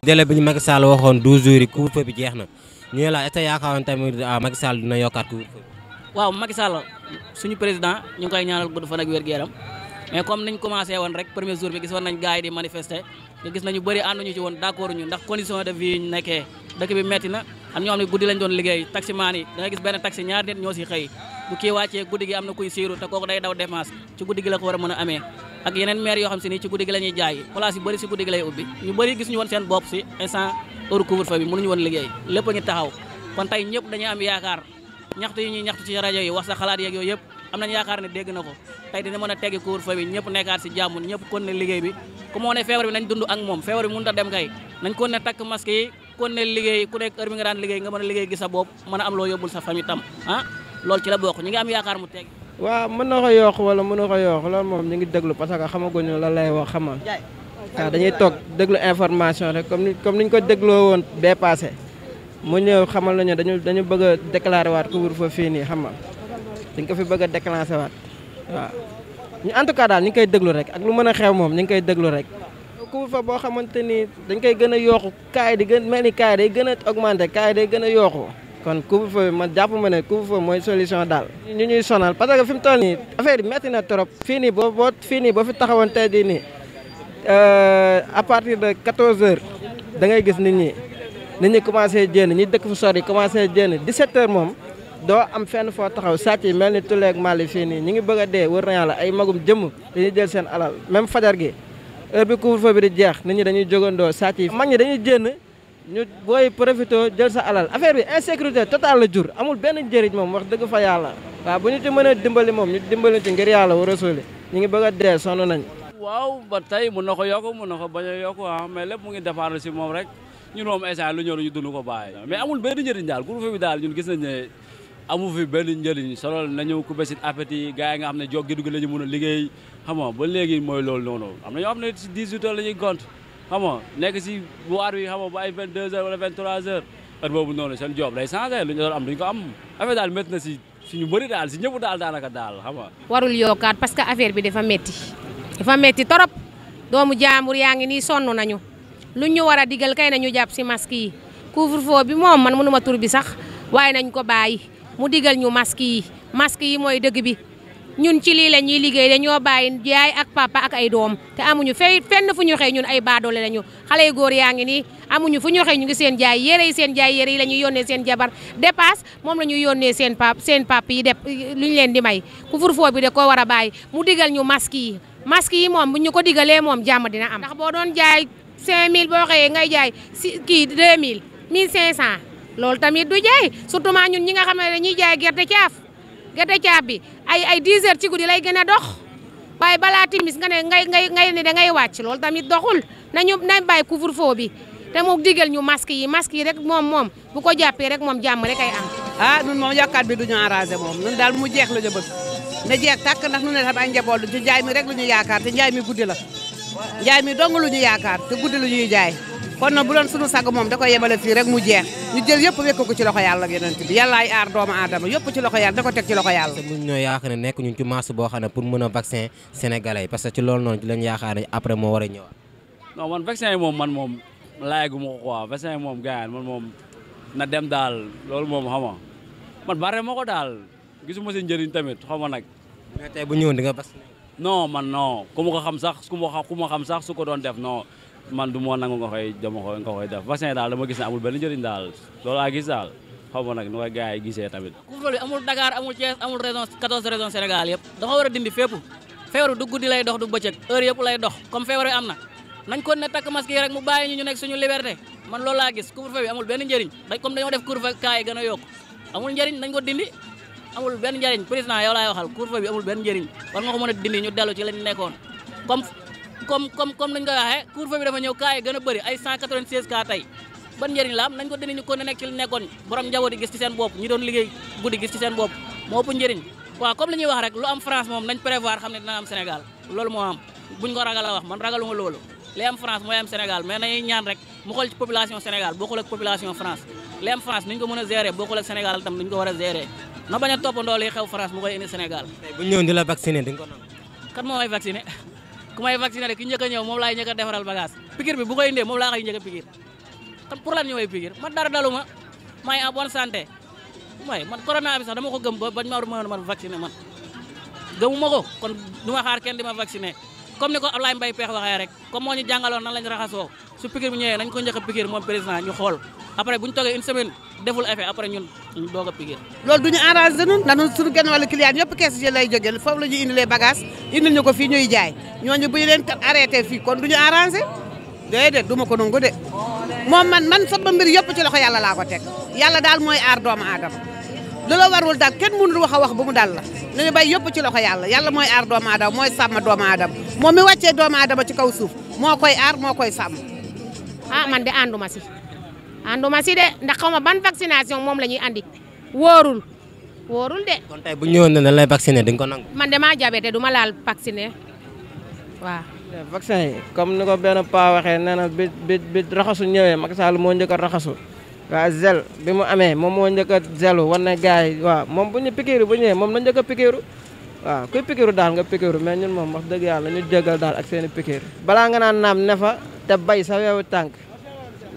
délai bi ñu Macky waxoon 12 yi couvre-feu bi jeex na ñu ne la est-ce que tamit ah, Macky dina yokkaat couvre waaw Macky suñu président ñu ngi koy ñaanal gudd fan ak wér mais comme niñ commencé woon rek premier jour bi gis woon nañ gars di manifester te gis nañu bëri ànduñu ci woon d'accord ndax condition de vie ñu nekkee dëkk bi metti na am ñoo xam ne guddi lañ doon liggéey taximaan yi da nga gis benn taxi ñaari nit ñoo a a ak yeneen maire yoo xam si ni ci guddi gi la jaay place yu bëri si guddi gi lay ubbi ñu bëri gis ñu woon seen bopp si instant heure couvre feu bi mënuñu woon liggéey lépp a ngi taxaw kon tey ñëpp dañuy am yaakaar ñaxtu yi ñuy ñaxtu ci rajo yi wax sa xalaat yeeg yooyu yëpp am nañ yaakaar ne dégg na ko tey dina mën a teggi couvre feu bi ñëpp nekkaat si jàmm ñëpp kon ne liggéey bi comme moo ne feebar bi nañ dund ak moom feebar bi mënut a dem kay nañ kon ne ah am yaakaar mu waaw mën na ko yokk wala mën na ko yokk loolu moom ñu ngi déglu parce que xamaguñu lan lay wax xamal a dañuy toog déglu information rek comme ni comme niñ ko dégloo woon bee passé mu ñëw xamal nañu dañu dañu bëgg a déclaré waat couvre-feu fii nii xamal dañ ko fi bëgg a déclenché waat waaw ñu en daal ñu ngi koy déglu rek ak lu mën a xew moom ñu ngi koy déglu rek couvre-feu boo xamante ni dañ koy gën a yokku kaay di gën mel ni kaay day gën a augmenté kaay day gën a yokku kon couvre-feu man jàpp ma ne couvre-feu mooy solution daal. ñu ñuy sonal parce que fi mu toll nii affaire yi métti na trop. fii nii boo fii nii boo fi taxawoon tey jii nii euh, à partir de 14h da ngay gis nit ñi nit ñi commencé jénn ñi dëkk fu sori commencé jénn 17h moom doo am fenn foo taxaw sàcc yi mel ni tuleeg mali fii nii ñu ngi bëgg a dee wër na la ay magum jëmm dañuy jël seen alal même fajar gi heure bi couvre-feu bi di jeex nit ñi dañuy jógandoo sàcc yi. mag ñi dañuy jénn. ñu booy profité jël sa alal affaire bi insécurité totale la jur amul benn njëriñ moom wax dëgg fa yàlla waaw bu ñu ci mën dimbali moom ñu dimbali ci ngir yàlla war a sóoli ñu ngi bëgg a dee sonn nañ waaw ba tey mun na ko yokk mun na ko bañ a yokk waaw ah, mais lépp mu ngi dépendre si moom rek ñun moom instant lu ñëw ñu dund ko amul benn njëriñ daal groupe bi daal ñun gis nañ ne amu fi benn njëriñ solol nañu ku besit appétit gars ne jog gi dugg mun a liggéey ba mooy loolu noonu am na ñoo xam ne xam nga nekk si waar bi xam nga ba ay 22 heures wala 23 heures heure boobu noonu seen job day changé lu ñu doon am duñ ko am affaire daal métti na si suñu bëri daal si ñëpp daal daanaka daal xam warul yokkaat parce que affaire bi dafa métti dafa métti torop doomu jaambur yaa ngi nii sonn nañu lu ñu war a digal kay nañu jàpp si masque yi couvre-feu bi moom man mënuma tur bi sax waaye nañ ko bàyyi mu digal ñu masque yi masque yi mooy dëgg bi. ñun ci lii la ñuy liggéey dañoo bàyyi yaay ak papa ak ay doom te amuñu fay fenn fu ñu xëy ñun ay baadoole lañu xale yu góor yaa ngi nii amuñu fu ñu xëy ñu ngi seen jaay yére yi seen jaay yére yi la ñuy yónnee seen jabar dépasse moom la ñuy yónnee seen pap seen pap yi def lu ñu leen di may ku furfoo bi da koo war a bàyyi mu digal ñu masque yi masque yi moom bu ñu ko digale moom jàmm dina am dax boo doon jaay 5000 boo xëyee ngay jaay si kii 2000 1500 loolu tamit du jaay surtout ñun ñi nga xam ne dañuy jaay gerte caaf gerte caab bi ay ay 10 heures ci guddi lay gën a dox waaye balaa timis nga ne ngay ngay ngay ne da ngay wàcc loolu tamit doxul nañu nañ bàyyi couvre-feu bi te mu digal ñu masque yi masque yi rek moom moom bu ko jàppee rek moom jàmm rek ay am. ah nun moom yokkaat bi du ñu arrangé moom nun daal mu jeex la ñu bëgg na jeex tàkk ndax nu ne tam ay njaboot ci njaay mi rek lu ñu yaakaar te njaay mi guddi la njaay mi dong lu ñu yaakaar te guddi lu ñuy jaay. kon na bu doon sunu sag moom da koy yemale fii rek mu jeex ñu jël yëpp wekk ko ci loxo yàlla ak yonent bi yàllaay aar doomu aadama yëpp ci loxo yàlla da ko teg ci loxo yàlla mun ñoo yaakaar ne nekk ñun ci boo xam ne mën a vaccin sénégalais yi parce que ci loolu noonu ci lañ yaakaar ne après moo war a ñëwaat man vaccin moom man moom laayagu ma ko quoi vaccin yi moom gaayan man moom na dem daal loolu moom xama man bare ma ko daal gisuma si njëriñ tamit xaw ma nag mais tey bu ñëwoon di nga vaccin non man non ko xam sax ku ma ku ma xam sax su ko doon def non man du moo nangu nga koy dama koy nga koy def vaccin daal dama gis ne amul benn njëriñ daal loolu laa gis daal xaw nag nu koy gars yi tamit couvre-feu bi amul Dakar amul Thiès amul région 14 région Sénégal yëpp dafa war a dindi fépp feebar du guddi lay dox du bëccëg heure yëpp lay dox comme feebar bi am na nañ ko a yokku dindi amul benn njëriñ président yow laay waxal couvre-feu bi amul benn njëriñ war nga mën a dindi ñu dellu ci lañ nekkoon comme comme comme nañ koy waxee couvre-feu bi dafa ñëw cas yi gën a bëri ay 196 cas tey ban njëriñ la am nañ ko dinañu ko ne nekk li nekkoon borom njaboot gis ci seen bopp ñu doon liggéey guddi gis ci seen bopp moo ëpp njëriñ waaw comme li ñuy wax rek lu am France moom nañ prévoir xam ne dina am Sénégal loolu moo am buñ ko ragal a wax man ragaluma loolu li am France mooy am Sénégal mais nañuy ñaan rek mu xool ci population Sénégal bokkul ak population France li am France ni ku may vacciné rek ki njëkk a ñëw moom laay njëkk a defaral bagage pikir bi bu koy moom laa koy njëkk a pikir pour lan ñu may pikir man dara dalu ma may en bonne may man corona bi sax dama ko gëm ba bañ maa mën man vacciné man gëmu ma ko kon du ma xaar kenn di ma vacciné comme ni ko Ablaye Mbaye Peex waxee rek comme moo ñu jàngaloon nan lañ raxasoo su pikir bi ñëwee nañ ko njëkk a pikir moom président ñu xool après bu ñu toogee une semaine deful effet ñu doog loolu du ñu arrangé nun ndax suñu genn wala client yëpp kees ji lay jógee foofu la ñuy indilee bagage indil ñu ko fii ñuy jaay ñooñu bu ñu leen arrêté fii kon duñu ñu arrangé déedéet du ma ko nangu de moom man man sama mbir yëpp ci loxo yàlla laa ko teg yàlla daal mooy ar doomu aadama lu la warul daal kenn mënul wax a wax bu mu dal la nañu bay yëpp ci loxo yàlla yàlla mooy ar doomu aadama mooy sàmm doomu aadama moom mi wàccee doomu aadama ci kaw suuf moo koy aar moo koy sàmm ah, man de ànduma si ànduma si de ndax xaw ma ban vaccination moom la ñuy andi wóorul wóorul de. kon bu ñëwoon ne dañ lay vacciner di nga ko nangu. man damaa jabe te du ma laal vacciner waaw. Eh, vaccin comme ni ko benn paa waxee nee na bi bi bi raxasu ñëwee Macky Sall moo njëkk a raxasu waa zel bi mu amee moom moo njëkk a zelu war na gars yi waaw moom bu ñu pikiiru bu ñëwee moom la njëkk a pikiiru waaw kuy pikiiru daal nga pikiiru mais ñun moom wax dëgg yàlla ñu jégal daal ak seen i pikiir balaa nga naan naam ne fa te bay sa weewu tànk.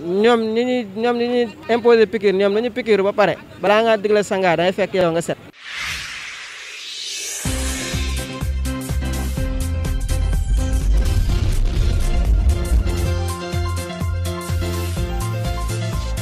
ñoom ni ñuy ñoom ni ñuy imposer piqûre ñoom nañu piqûre ba pare balaa ngaa digle sangaa day fekk yow nga set